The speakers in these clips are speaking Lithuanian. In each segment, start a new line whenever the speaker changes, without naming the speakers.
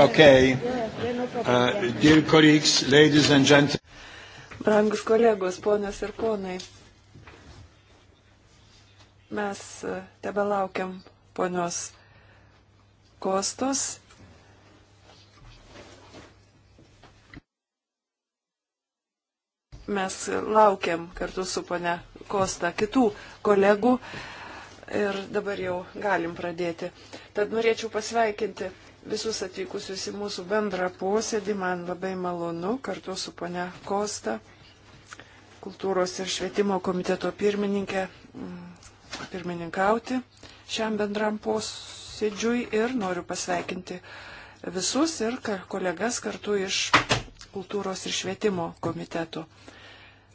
Okay. Uh, dear
colleagues, ladies and gentlemen.
Brangus kolegos, ponios ir ponai, mes uh, tebe laukiam ponios Kostos. Mes laukiam kartu su ponia Kosta kitų kolegų ir dabar jau galim pradėti. Tad norėčiau pasveikinti visus atvykusius į mūsų bendrą posėdį. Man labai malonu kartu su ponia Kosta, kultūros ir švietimo komiteto pirmininkė, mm, pirmininkauti šiam bendram posėdžiui ir noriu pasveikinti visus ir kolegas kartu iš kultūros ir švietimo komiteto.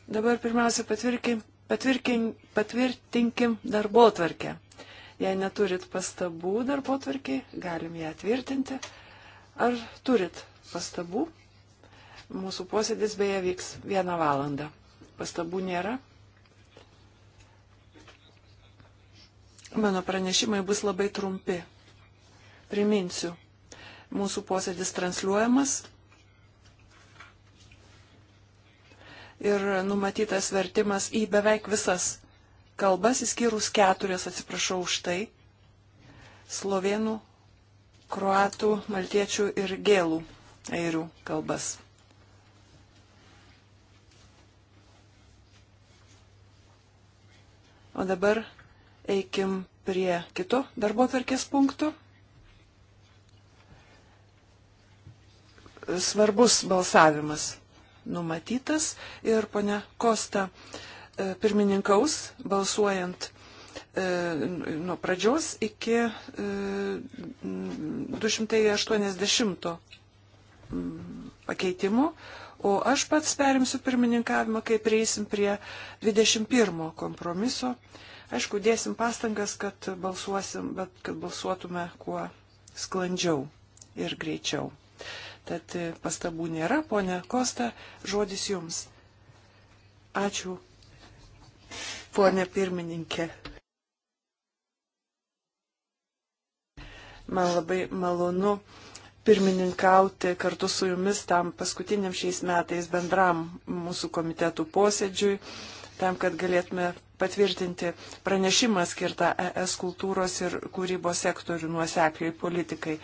Dabar pirmiausia patvirtinkim, patvirtinkim darbo tvarkę. Jei neturit pastabų darbo tvarkiai, galim ją tvirtinti. Ar turit pastabų? Mūsų posėdis beje vyks vieną valandą. Pastabų nėra. Mano pranešimai bus labai trumpi. Priminsiu, mūsų posėdis transliuojamas ir numatytas vertimas į beveik visas kalbas, įskyrus keturias, atsiprašau už tai, slovenų, kroatų, maltiečių ir gėlų airių kalbas. O dabar eikim prie kito darbo tvarkės punktų. Svarbus balsavimas numatytas ir ponia Kosta. Uh, E, pirmininkaus balsuojant e, nuo pradžios iki 280 e, mm, pakeitimo, o aš pats perimsiu pirmininkavimą, kai prieisim prie 21 kompromiso. Aišku, dėsim pastangas, kad balsuosim, bet kad balsuotume kuo sklandžiau ir greičiau. Tad pastabų nėra, ponė Kosta, žodis jums. Ačiū ponė pirmininkė. Man labai malonu pirmininkauti kartu su jumis tam paskutiniam šiais metais bendram mūsų komitetų posėdžiui, tam, kad galėtume patvirtinti pranešimą skirtą ES kultūros ir kūrybos sektorių nuosekliai politikai.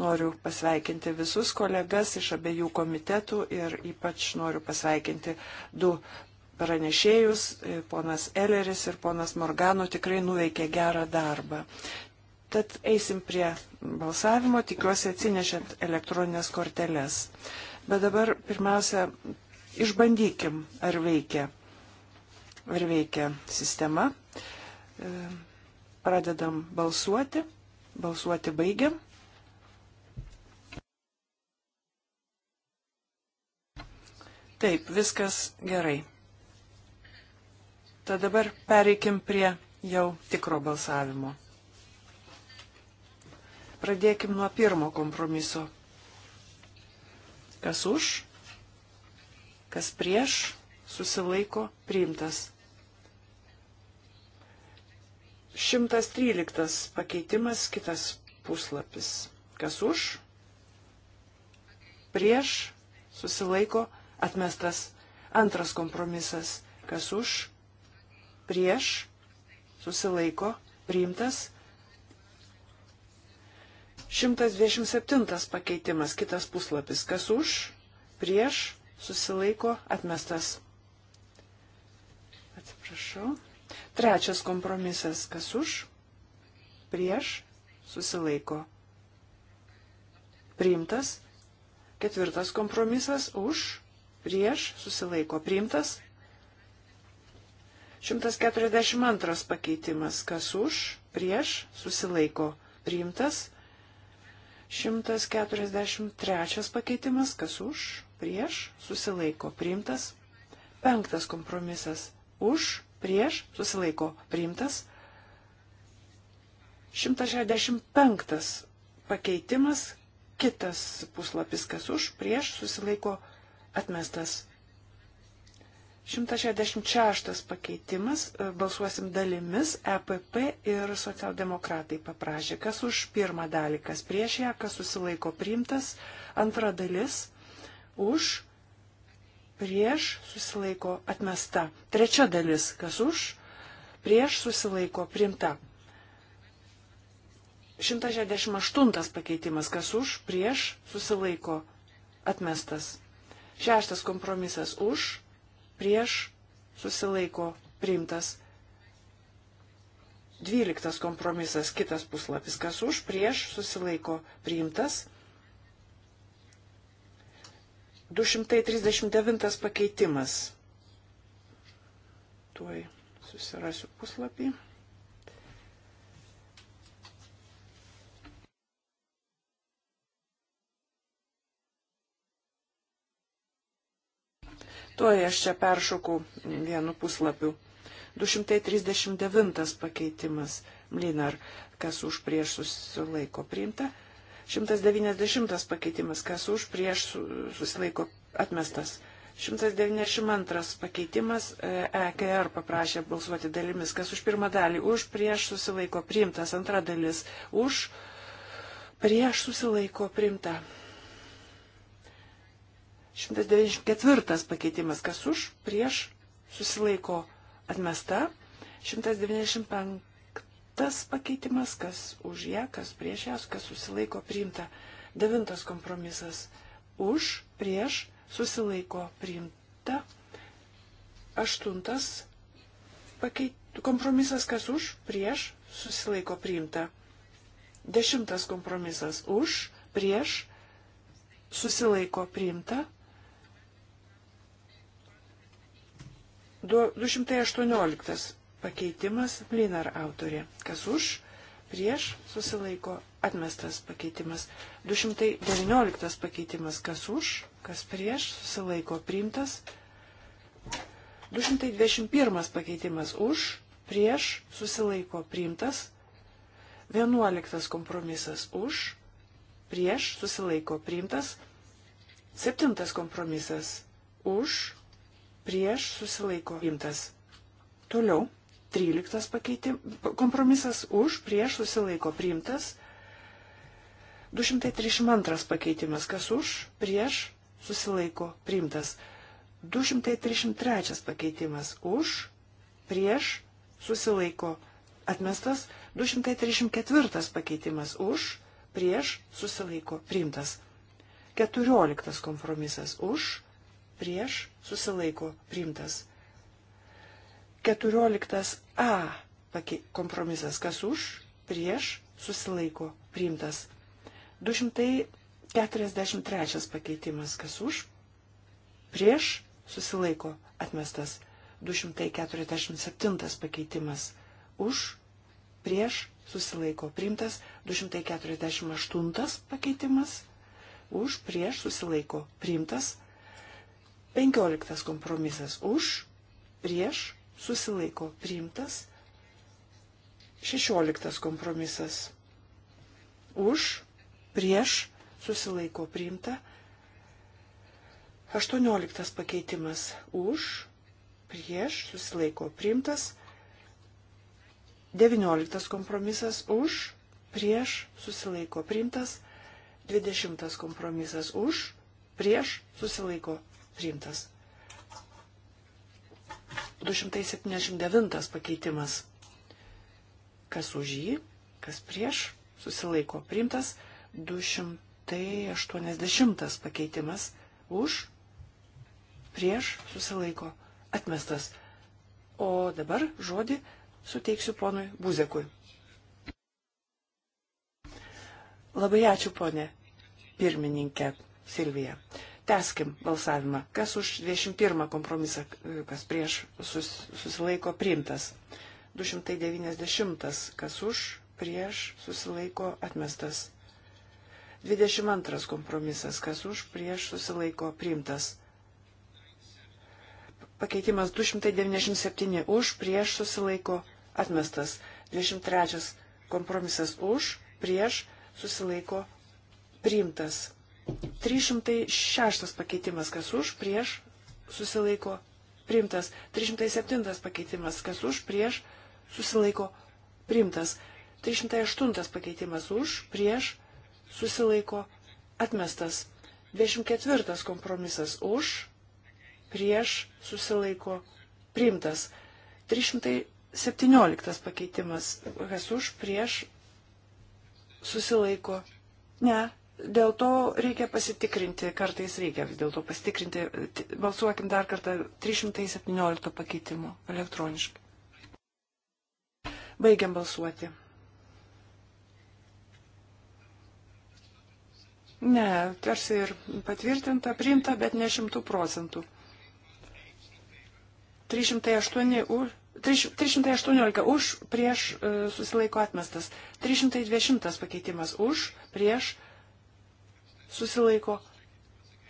Noriu pasveikinti visus kolegas iš abiejų komitetų ir ypač noriu pasveikinti du pranešėjus, e, ponas Elleris ir ponas Morgano tikrai nuveikė gerą darbą. Tad eisim prie balsavimo, tikiuosi atsinešėt elektroninės korteles. Bet dabar pirmiausia, išbandykim, ar veikia, ar veikia sistema. E, pradedam balsuoti, balsuoti baigiam. Taip, viskas gerai. Tad dabar pereikim prie jau tikro balsavimo. Pradėkim nuo pirmo kompromiso. Kas už, kas prieš, susilaiko priimtas. 113 pakeitimas, kitas puslapis. Kas už, prieš, susilaiko atmestas. Antras kompromisas. Kas už, prieš, susilaiko, priimtas. 127 pakeitimas, kitas puslapis, kas už, prieš, susilaiko, atmestas. Atsiprašau. Trečias kompromisas, kas už, prieš, susilaiko. Priimtas. Ketvirtas kompromisas, už, prieš, susilaiko. Priimtas. 142 pakeitimas, kas už, prieš, susilaiko, priimtas. 143 pakeitimas, kas už, prieš, susilaiko, priimtas. Penktas kompromisas, už, prieš, susilaiko, priimtas. 165 pakeitimas, kitas puslapis, kas už, prieš, susilaiko, atmestas. 166 pakeitimas, e, balsuosim dalimis, EPP ir socialdemokratai paprašė, kas už pirmą dalį, kas prieš ją, kas susilaiko priimtas, antra dalis už, prieš susilaiko atmesta, trečia dalis, kas už, prieš susilaiko priimta. 168 pakeitimas, kas už, prieš susilaiko atmestas. Šeštas kompromisas už, prieš susilaiko priimtas. Dvyliktas kompromisas, kitas puslapis, kas už, prieš susilaiko priimtas. 239 pakeitimas. Tuoj susirasiu puslapį. Tuoj aš čia peršoku vienu puslapiu. 239 pakeitimas. Mlinar, kas už prieš susilaiko priimta. 190 pakeitimas, kas už prieš susilaiko atmestas. 192 pakeitimas, EKR e paprašė balsuoti dalimis, kas už pirmą dalį, už prieš susilaiko priimtas, antra dalis, už prieš susilaiko priimta. 194 pakeitimas, kas už, prieš, susilaiko atmesta. 195 pakeitimas, kas už ją, kas prieš ją, kas susilaiko priimta. Devintas kompromisas už, prieš, susilaiko priimta. Aštuntas pakeit... kompromisas, kas už, prieš, susilaiko priimta. Dešimtas kompromisas už, prieš, susilaiko priimta. 218 pakeitimas, Blinar autorė. Kas už, prieš, susilaiko, atmestas pakeitimas. 219 pakeitimas, kas už, kas prieš, susilaiko, priimtas. 221 pakeitimas už, prieš, susilaiko, priimtas. 11 kompromisas už, prieš, susilaiko, priimtas. 7 kompromisas už, prieš susilaiko imtas. Toliau, 13 pakeitim, kompromisas už, prieš susilaiko priimtas. 232 pakeitimas, kas už, prieš susilaiko priimtas. 233 pakeitimas už, prieš susilaiko atmestas. 234 pakeitimas už, prieš susilaiko priimtas. 14 kompromisas už, prieš, susilaiko, priimtas. 14a kompromisas, kas už, prieš, susilaiko, priimtas. 243 pakeitimas, kas už, prieš, susilaiko, atmestas. 247 pakeitimas, už, prieš, susilaiko, priimtas. 248 pakeitimas, už, prieš, susilaiko, priimtas. 15 kompromisas už, prieš, susilaiko priimtas. 16 kompromisas už, prieš, susilaiko priimta. 18 pakeitimas už, prieš, susilaiko priimtas. 19 kompromisas už, prieš, susilaiko priimtas. 20 kompromisas už, prieš, susilaiko priimtas. 279 pakeitimas. Kas už jį, kas prieš, susilaiko priimtas. 280 pakeitimas. Už, prieš, susilaiko atmestas. O dabar žodį suteiksiu ponui Buzekui. Labai ačiū, ponė pirmininkė Silvija. Teskim balsavimą. Kas už 21 kompromisą, kas prieš sus, susilaiko priimtas. 290, kas už, prieš susilaiko atmestas. 22 kompromisas, kas už, prieš susilaiko priimtas. Pakeitimas 297 už, prieš susilaiko atmestas. 23 kompromisas už, prieš susilaiko priimtas. 306 pakeitimas, kas už, prieš, susilaiko, primtas. 307 pakeitimas, kas už, prieš, susilaiko, primtas. 308 pakeitimas už, prieš, susilaiko, atmestas. 24 kompromisas už, prieš, susilaiko, primtas. 317 pakeitimas, kas už, prieš, susilaiko, ne, dėl to reikia pasitikrinti, kartais reikia vis dėlto pasitikrinti. Balsuokim dar kartą 317 pakeitimu elektroniškai. Baigiam balsuoti. Ne, tarsi ir patvirtinta, priimta, bet ne šimtų procentų. 308 už, 318 už, prieš e, susilaiko atmestas. 320 pakeitimas už, prieš susilaiko.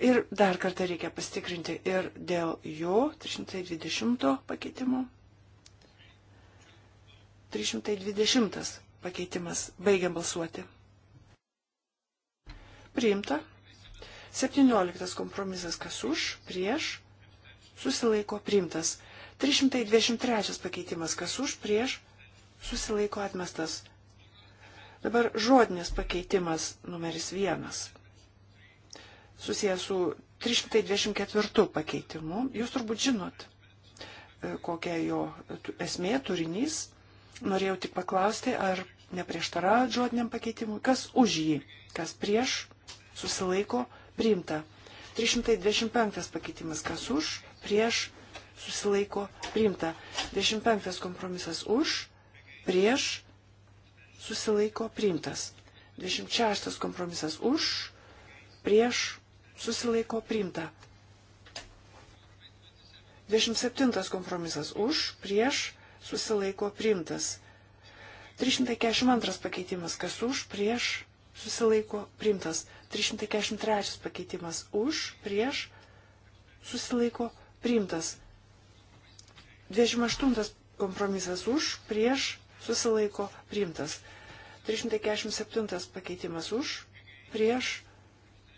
Ir dar kartą reikia pastikrinti ir dėl jo 320 pakeitimo. 320 pakeitimas. Baigiam balsuoti. Priimta. 17 kompromisas kas už, prieš, susilaiko priimtas. 323 pakeitimas kas už, prieš, susilaiko atmestas. Dabar žodinis pakeitimas numeris vienas susijęs su 324 pakeitimu. Jūs turbūt žinot, e, kokia jo esmė, turinys. Norėjau tik paklausti, ar neprieštarauja žodiniam pakeitimui, kas už jį, kas prieš, susilaiko, priimta. 325 pakeitimas, kas už, prieš, susilaiko, priimta. 25 kompromisas už, prieš, susilaiko, priimtas. 26 kompromisas už, prieš, susilaiko priimta. 27 kompromisas už, prieš, susilaiko priimtas. 342 pakeitimas kas už, prieš, susilaiko priimtas. 343 pakeitimas už, prieš, susilaiko priimtas. 28 kompromisas už, prieš, susilaiko priimtas. 347 pakeitimas už, prieš,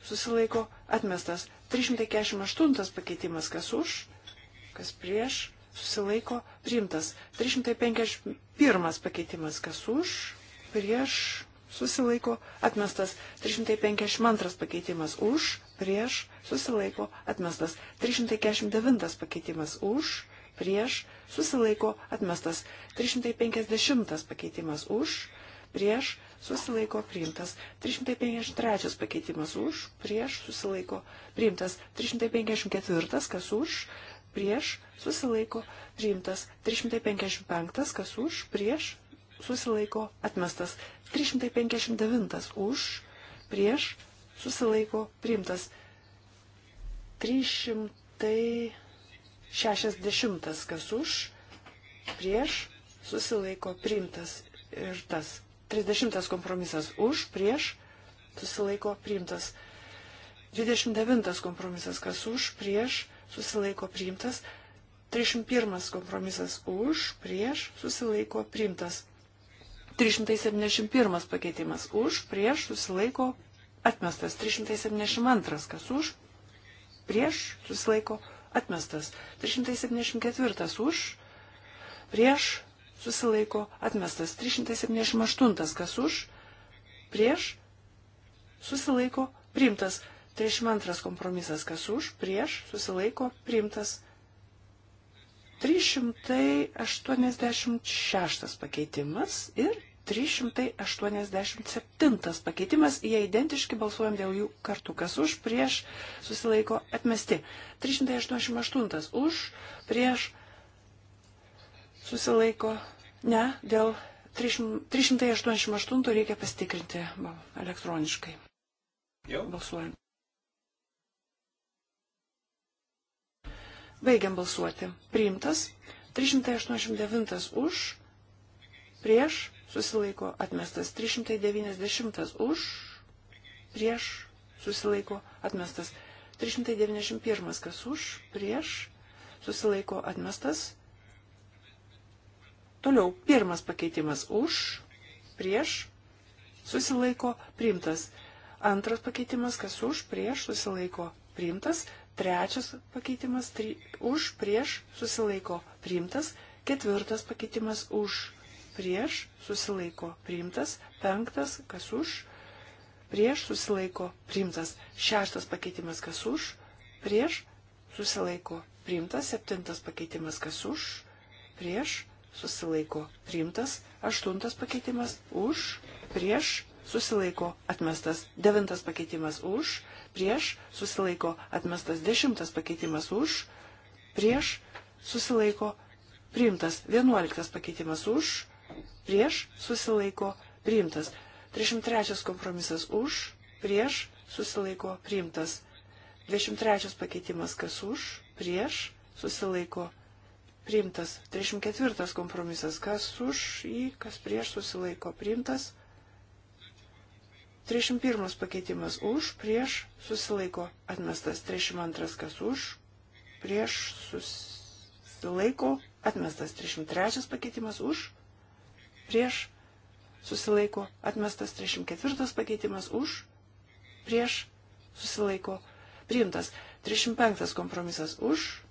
susilaiko atmestas. 348 pakeitimas kas už, kas prieš, susilaiko priimtas. 351 pakeitimas kas už, prieš, susilaiko atmestas. 352 pakeitimas už, prieš, susilaiko atmestas. 349 pakeitimas už, prieš, susilaiko atmestas. 350 pakeitimas už, prieš, susilaiko priimtas. 353 pakeitimas už, prieš susilaiko priimtas. 354 kas už, prieš susilaiko priimtas. 355 kas už, prieš susilaiko atmestas. 359 už, prieš susilaiko priimtas. 360 kas už, prieš susilaiko priimtas ir tas 30 kompromisas už, prieš, susilaiko priimtas. 29 kompromisas kas už, prieš, susilaiko priimtas. 301 kompromisas už, prieš, susilaiko priimtas. 371 pakeitimas už, prieš, susilaiko atmestas. 372 kas už, prieš, susilaiko atmestas. 374 už, prieš, susilaiko atmestas. 378 kas už, prieš, susilaiko priimtas. 32 kompromisas kas už, prieš, susilaiko priimtas. 386 pakeitimas ir 387 pakeitimas, jie identiški, balsuojam dėl jų kartu, kas už, prieš, susilaiko atmesti. 388 už, prieš, susilaiko. Ne, dėl 388 reikia pasitikrinti elektroniškai. Jau. Balsuojam. Baigiam balsuoti. Priimtas. 389 už. Prieš. Susilaiko. Atmestas. 390 už. Prieš. Susilaiko. Atmestas. 391 kas už. Prieš. Susilaiko. Atmestas. Toliau, pirmas pakeitimas už, prieš, susilaiko, priimtas. Antras pakeitimas, kas už, prieš, susilaiko, priimtas. Trečias pakeitimas, tri, už, prieš, susilaiko, priimtas. Ketvirtas pakeitimas, už, prieš, susilaiko, priimtas. Penktas, kas už, prieš, susilaiko, priimtas. Šeštas pakeitimas, kas už, prieš, susilaiko, priimtas. Septintas pakeitimas, kas už, prieš, susilaiko priimtas, aštuntas pakeitimas už, prieš susilaiko atmestas, devintas pakeitimas už, prieš susilaiko atmestas, dešimtas pakeitimas už, prieš susilaiko priimtas, vienuoliktas pakeitimas už, prieš susilaiko priimtas, 33 kompromisas už, prieš susilaiko priimtas, 23 pakeitimas kas už, prieš susilaiko priimtas priimtas. 34 kompromisas, kas už jį, kas prieš susilaiko priimtas. 31 pakeitimas už, prieš susilaiko atmestas. 32 kas už, prieš susilaiko atmestas. 33 pakeitimas už, prieš susilaiko atmestas. 34 pakeitimas už, prieš susilaiko priimtas. 35 kompromisas už,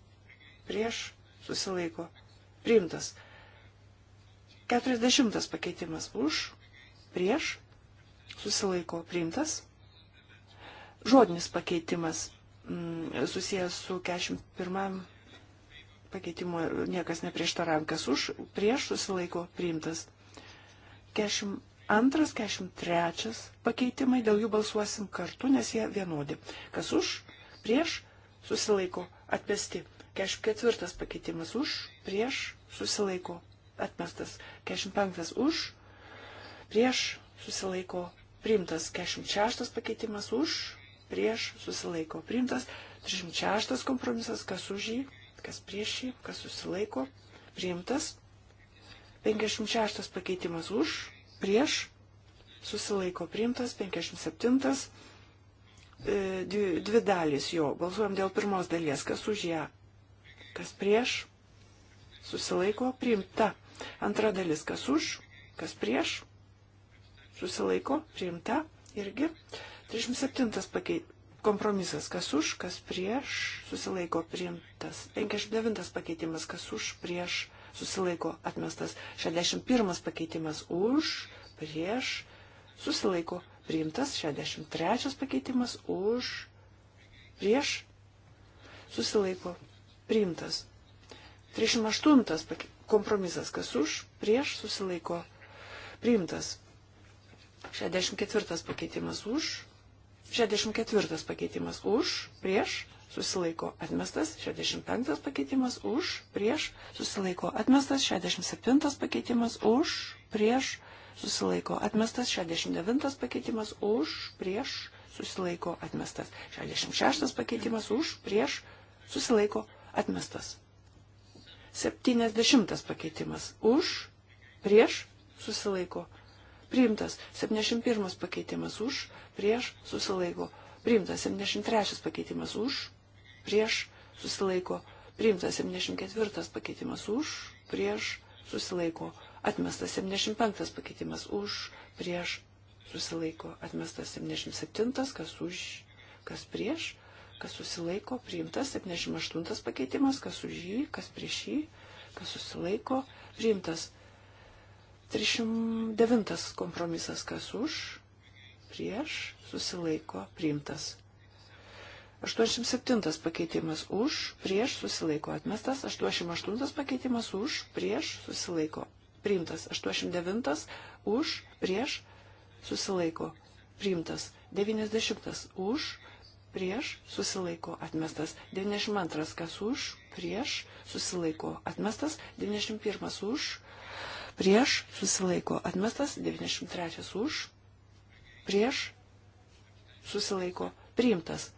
prieš susilaiko priimtas. 40 pakeitimas už, prieš, susilaiko priimtas. Žodinis pakeitimas mm, susijęs su 41 pakeitimu niekas neprieštaravim, kas už, prieš, susilaiko priimtas. 42, 43 pakeitimai, dėl jų balsuosim kartu, nes jie vienodi. Kas už, prieš, susilaiko atmesti. 44 pakeitimas už, prieš, susilaiko, atmestas. 45 už, prieš, susilaiko, priimtas. 46 pakeitimas už, prieš, susilaiko, priimtas. 36 kompromisas, kas už jį, kas prieš jį, kas susilaiko, priimtas. 56 pakeitimas už, prieš, susilaiko priimtas, 57, e, dvi, dvi dalys jo, balsuojam dėl pirmos dalies, kas už ją, kas prieš, susilaiko priimta. Antra dalis, kas už, kas prieš, susilaiko priimta irgi. 37 pakeit, kompromisas, kas už, kas prieš, susilaiko priimtas. 59 pakeitimas, kas už, prieš, susilaiko atmestas. 61 pakeitimas už, prieš, susilaiko priimtas. 63 pakeitimas už, prieš, susilaiko priimtas. 38 kompromisas, kas už, prieš, susilaiko, priimtas. 64 pakeitimas už, 64 pakeitimas už, prieš, susilaiko, atmestas. 65 pakeitimas už, prieš, susilaiko, atmestas. 67 pakeitimas už, prieš, susilaiko, atmestas. 69 pakeitimas už, prieš, susilaiko, atmestas. 66 pakeitimas už, prieš, susilaiko, atmestas Atmestas. 70 pakeitimas. Už, prieš, susilaiko. Priimtas. 71 pakeitimas. Už, prieš, susilaiko. Priimtas. 73 pakeitimas. Už, prieš, susilaiko. Priimtas. 74 pakeitimas. Už, prieš, susilaiko. Atmestas. 75 pakeitimas. Už, prieš, susilaiko. Atmestas. 77, kas už, kas prieš, kas susilaiko, priimtas 78 pakeitimas, kas už jį, kas prieš jį, kas susilaiko, priimtas 309 kompromisas, kas už, prieš, susilaiko, priimtas 87 pakeitimas už, prieš susilaiko atmestas, 88 pakeitimas už, prieš susilaiko priimtas, 89 už, prieš susilaiko priimtas, 90 už, prieš, susilaiko atmestas. 92 kas už, prieš, susilaiko atmestas. 91 už, prieš, susilaiko atmestas. 93 už, prieš, susilaiko priimtas.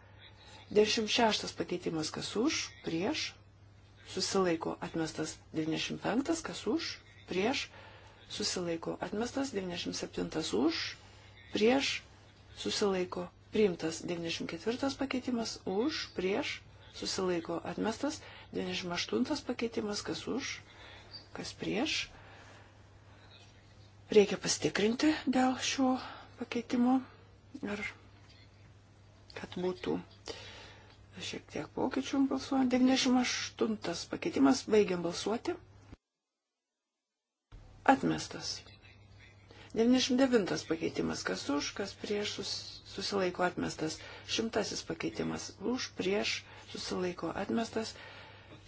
96 pakeitimas kas už, prieš, susilaiko atmestas. 95 kas už, prieš, susilaiko atmestas. 97 už, prieš, susilaiko priimtas 94 pakeitimas už, prieš, susilaiko atmestas, 98 pakeitimas kas už, kas prieš. Reikia pastikrinti dėl šio pakeitimo ir kad būtų šiek tiek pokyčių balsuojant. 98 pakeitimas, baigiam balsuoti. Atmestas. 99 pakeitimas, kas už, kas prieš susilaiko atmestas. Šimtasis pakeitimas už, prieš susilaiko atmestas.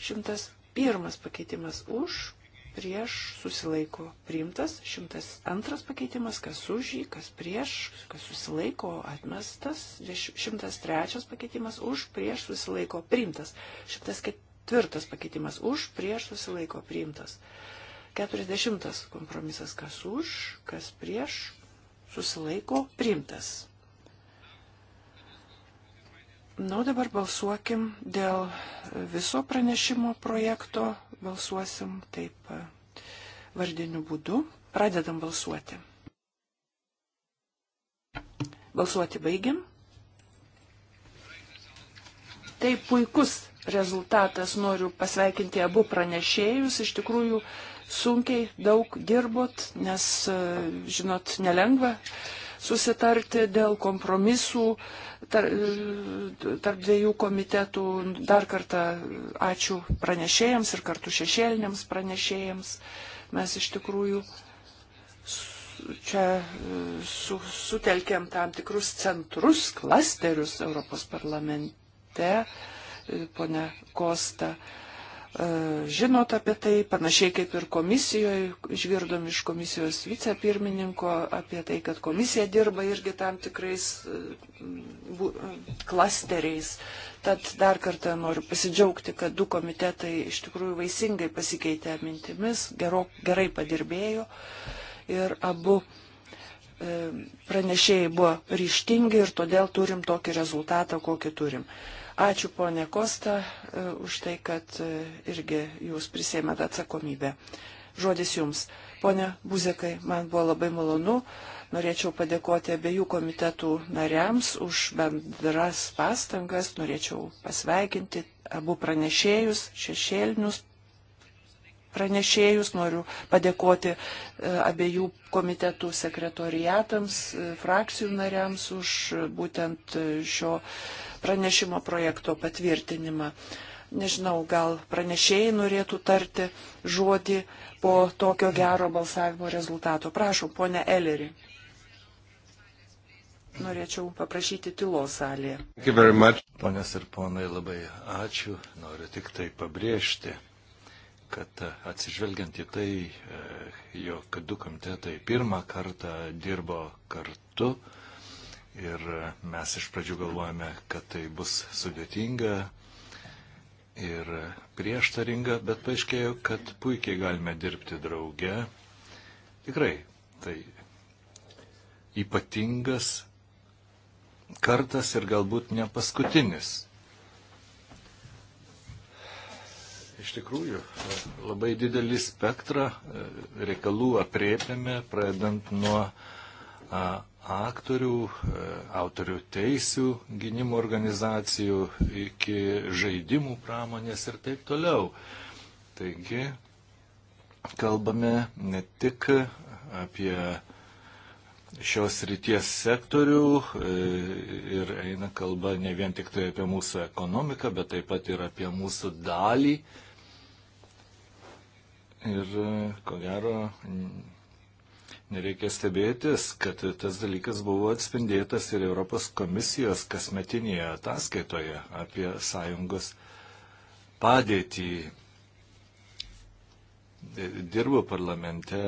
Šimtas pirmas pakeitimas už, prieš susilaiko priimtas. Šimtas antras pakeitimas, kas už jį, kas prieš, kas susilaiko atmestas. Šimtas trečias pakeitimas už, prieš susilaiko priimtas. Šimtas ketvirtas pakeitimas už, prieš susilaiko priimtas. 104 40 kompromisas, kas už, kas prieš, susilaiko, priimtas. Na, nu, dabar balsuokim dėl viso pranešimo projekto, balsuosim taip e, vardiniu būdu, pradedam balsuoti. Balsuoti baigiam. Tai puikus rezultatas, noriu pasveikinti abu pranešėjus, iš tikrųjų, uh, sunkiai daug dirbot, nes, e, žinot, nelengva susitarti dėl kompromisų e, tarp dviejų komitetų. Dar kartą ačiū pranešėjams ir kartu šešėliniams pranešėjams. Mes iš tikrųjų čia e, su, sutelkėm tam tikrus centrus, klasterius Europos parlamente, pone Kosta E, žinot apie tai, panašiai kaip ir komisijoje, išgirdom iš komisijos vicepirmininko apie tai, kad komisija dirba irgi tam tikrais e, klasteriais. Tad dar kartą noriu pasidžiaugti, kad du komitetai iš tikrųjų vaisingai pasikeitė mintimis, gero, gerai padirbėjo ir abu e, pranešėjai buvo ryštingi ir todėl turim tokį rezultatą, kokį turim. Ačiū ponė Kosta e, už tai, kad e, irgi jūs prisėmėte atsakomybę. Žodis jums. Pone Buzekai, man buvo labai malonu. Norėčiau padėkoti abiejų komitetų nariams už bendras pastangas. Norėčiau pasveikinti abu pranešėjus, šešėlinius pranešėjus, noriu padėkoti e, abiejų komitetų sekretoriatams, frakcijų nariams už būtent šio pranešimo projekto patvirtinimą. Nežinau, gal pranešėjai norėtų tarti žodį po tokio gero balsavimo rezultato. Prašom, ponė Eleri. Norėčiau paprašyti tylos salėje.
Ponės ir ponai, labai ačiū. Noriu tik tai pabrėžti, kad atsižvelgiant į tai, e, jog du komitetai pirmą kartą dirbo kartu, Ir e, mes iš pradžių galvojame, kad tai bus sudėtinga ir e, prieštaringa, bet paaiškėjo, kad puikiai galime dirbti drauge. Tikrai, tai ypatingas kartas ir galbūt ne paskutinis. Iš tikrųjų, labai didelį spektrą e, reikalų apriepėme, pradedant nuo uh, aktorių, e, autorių teisių gynimo organizacijų iki žaidimų pramonės ir taip toliau. Taigi, kalbame ne tik apie šios ryties sektorių e, ir eina kalba ne vien tik tai apie mūsų ekonomiką, bet taip pat ir apie mūsų dalį. Ir e, ko gero, Nereikia stebėtis, kad tas dalykas buvo atspindėtas ir Europos komisijos kasmetinėje ataskaitoje apie sąjungos padėtį. Dirbu parlamente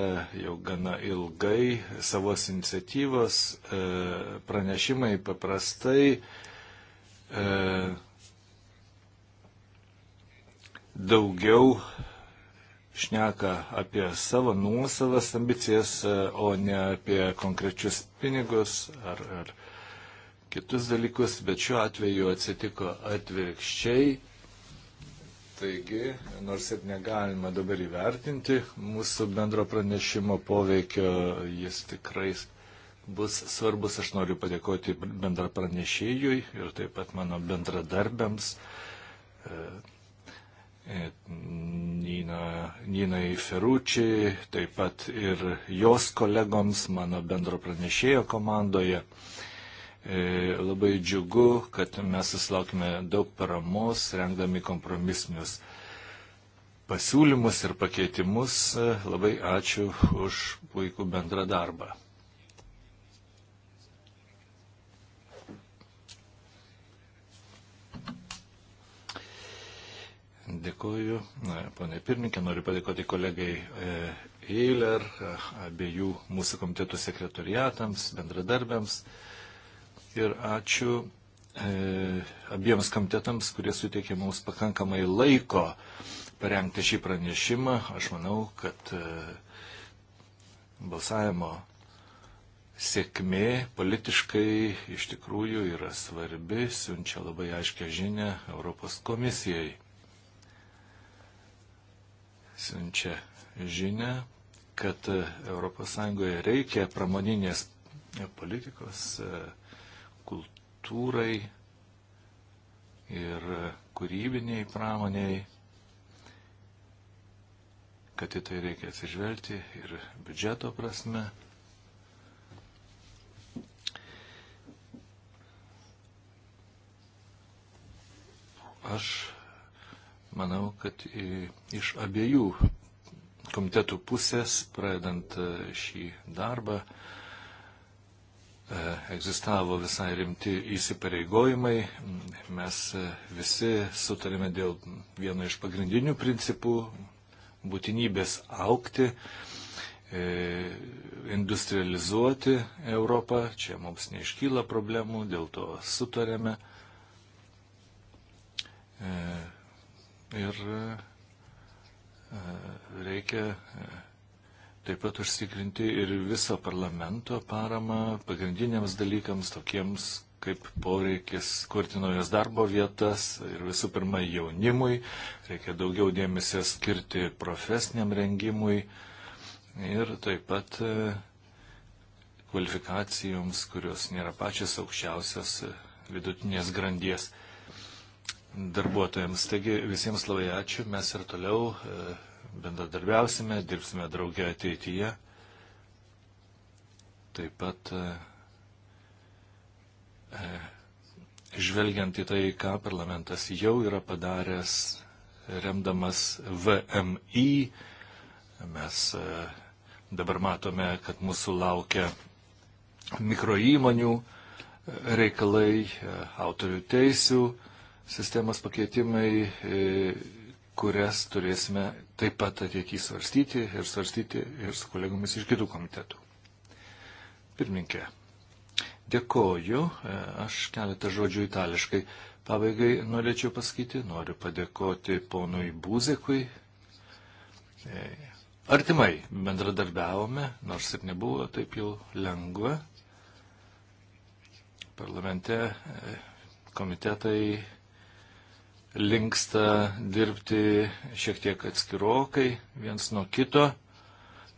jau gana ilgai, savos iniciatyvos e, pranešimai paprastai e, daugiau šneka apie savo nuosavas ambicijas, e, o ne apie konkrečius pinigus ar, ar kitus dalykus, bet šiuo atveju atsitiko atvirkščiai. Taigi, nors ir negalima dabar įvertinti mūsų bendro pranešimo poveikio, jis tikrai bus svarbus. Aš noriu padėkoti bendra pranešėjui ir taip pat mano bendradarbėms. E, Nina, Ninai Feručiai, taip pat ir jos kolegoms mano bendro pranešėjo komandoje. E, labai džiugu, kad mes susilaukime daug paramos, rengdami kompromisinius pasiūlymus ir pakeitimus. E, labai ačiū už puikų bendrą darbą. Dėkuoju, ponė pirmininkė, noriu padėkoti kolegai e, Eiler, abiejų mūsų komitetų sekretoriatams, bendradarbiams ir ačiū e, abiems komitetams, kurie suteikė mums pakankamai laiko parengti šį pranešimą. Aš manau, kad e, balsavimo sėkmė politiškai iš tikrųjų yra svarbi, siunčia labai aiškę žinę Europos komisijai siunčia žinę, kad ES reikia pramoninės e, politikos e, kultūrai ir e, kūrybiniai pramoniai, kad į tai reikia atsižvelgti ir biudžeto prasme. Aš Manau, kad iš abiejų komitetų pusės, pradedant e, šį darbą, e, egzistavo visai rimti įsipareigojimai. Mes e, visi sutarėme dėl vieno iš pagrindinių principų - būtinybės aukti, industrializuoti Europą. Čia mums neiškyla problemų, dėl to sutarėme. E, ir e, e, reikia e, taip pat užsikrinti ir viso parlamento paramą pagrindiniams dalykams tokiems kaip poreikis kurti naujas darbo vietas ir visų pirma jaunimui, reikia daugiau dėmesio skirti profesiniam rengimui ir taip pat kvalifikacijoms, kurios nėra pačios aukščiausios vidutinės grandies darbuotojams. Taigi visiems labai ačiū, mes ir toliau e, bendradarbiausime, dirbsime draugę ateityje. Taip pat e, e, žvelgiant į tai, ką parlamentas jau yra padaręs, remdamas VMI, mes dabar matome, kad mūsų laukia mikroįmonių reikalai, autorių teisių, sistemos pakeitimai, e, kurias turėsime taip pat ateityje svarstyti ir svarstyti ir su kolegomis iš kitų komitetų. Pirminkė, dėkoju. E, aš keletą žodžių itališkai. Pabaigai norėčiau pasakyti, noriu padėkoti ponui Būzekui. E, artimai bendradarbiavome, nors ir nebuvo taip jau lengva. Parlamente komitetai linksta dirbti šiek tiek atskirokai viens nuo kito,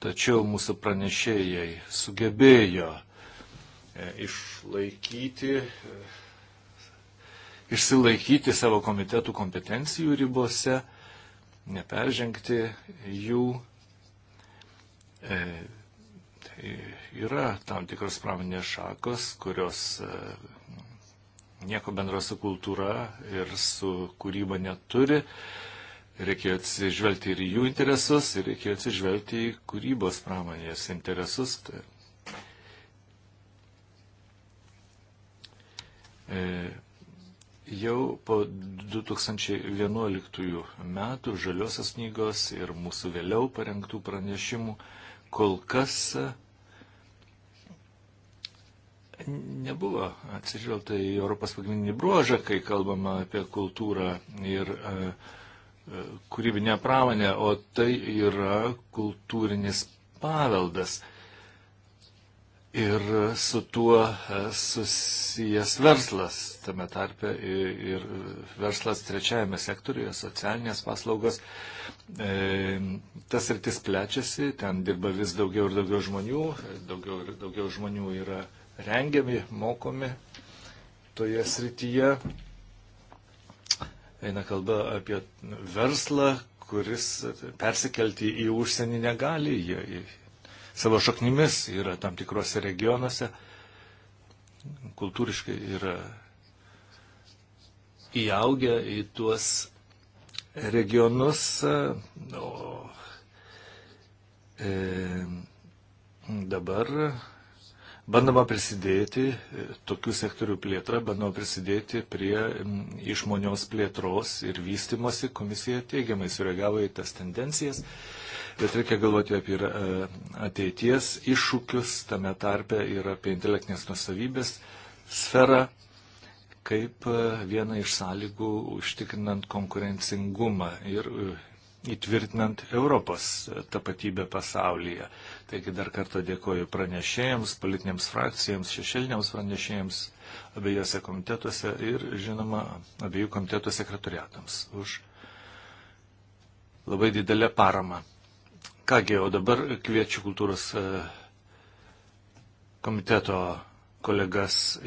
tačiau mūsų pranešėjai sugebėjo e, išlaikyti, e, išsilaikyti savo komitetų kompetencijų ribose, neperžengti jų. E, tai yra tam tikros pramonės šakos, kurios e, nieko bendro su kultūra ir su kūryba neturi. Reikėjo atsižvelgti ir į jų interesus, ir reikėjo atsižvelgti į kūrybos pramonės interesus. Tai... E, jau po 2011 metų žaliosios knygos ir mūsų vėliau parengtų pranešimų kol kas nebuvo atsižvelgta į Europos pagrindinį bruožą, kai kalbama apie kultūrą ir e, e, kūrybinę pramonę, o tai yra kultūrinis paveldas. Ir su tuo e, susijęs verslas, tame tarpe ir verslas trečiajame sektoriuje, socialinės paslaugos. Tas rytis plečiasi, ten dirba vis daugiau ir daugiau žmonių, daugiau ir daugiau žmonių yra rengiami, mokomi toje srityje. Eina kalba apie verslą, kuris persikelti į užsienį negali, jie savo šaknimis yra tam tikrose regionuose, kultūriškai yra įaugę į tuos regionus, o e, dabar Bandoma prisidėti, e, tokių sektorių plėtra, bandoma prisidėti prie išmonios plėtros ir vystimosi. Komisija teigiamai sureagavo į tas tendencijas, bet reikia galvoti apie e, ateities iššūkius, tame tarpe ir apie intelektinės nusavybės sferą, kaip e, vieną iš sąlygų užtikrinant konkurencingumą ir įtvirtinant Europos tapatybę pasaulyje. Taigi dar kartą dėkoju pranešėjams, politinėms frakcijams, šešėliniams pranešėjams abiejose komitetuose ir, žinoma, abiejų komitetų sekretoriatams už labai didelę paramą. Kągi, o dabar kviečiu kultūros e, komiteto kolegas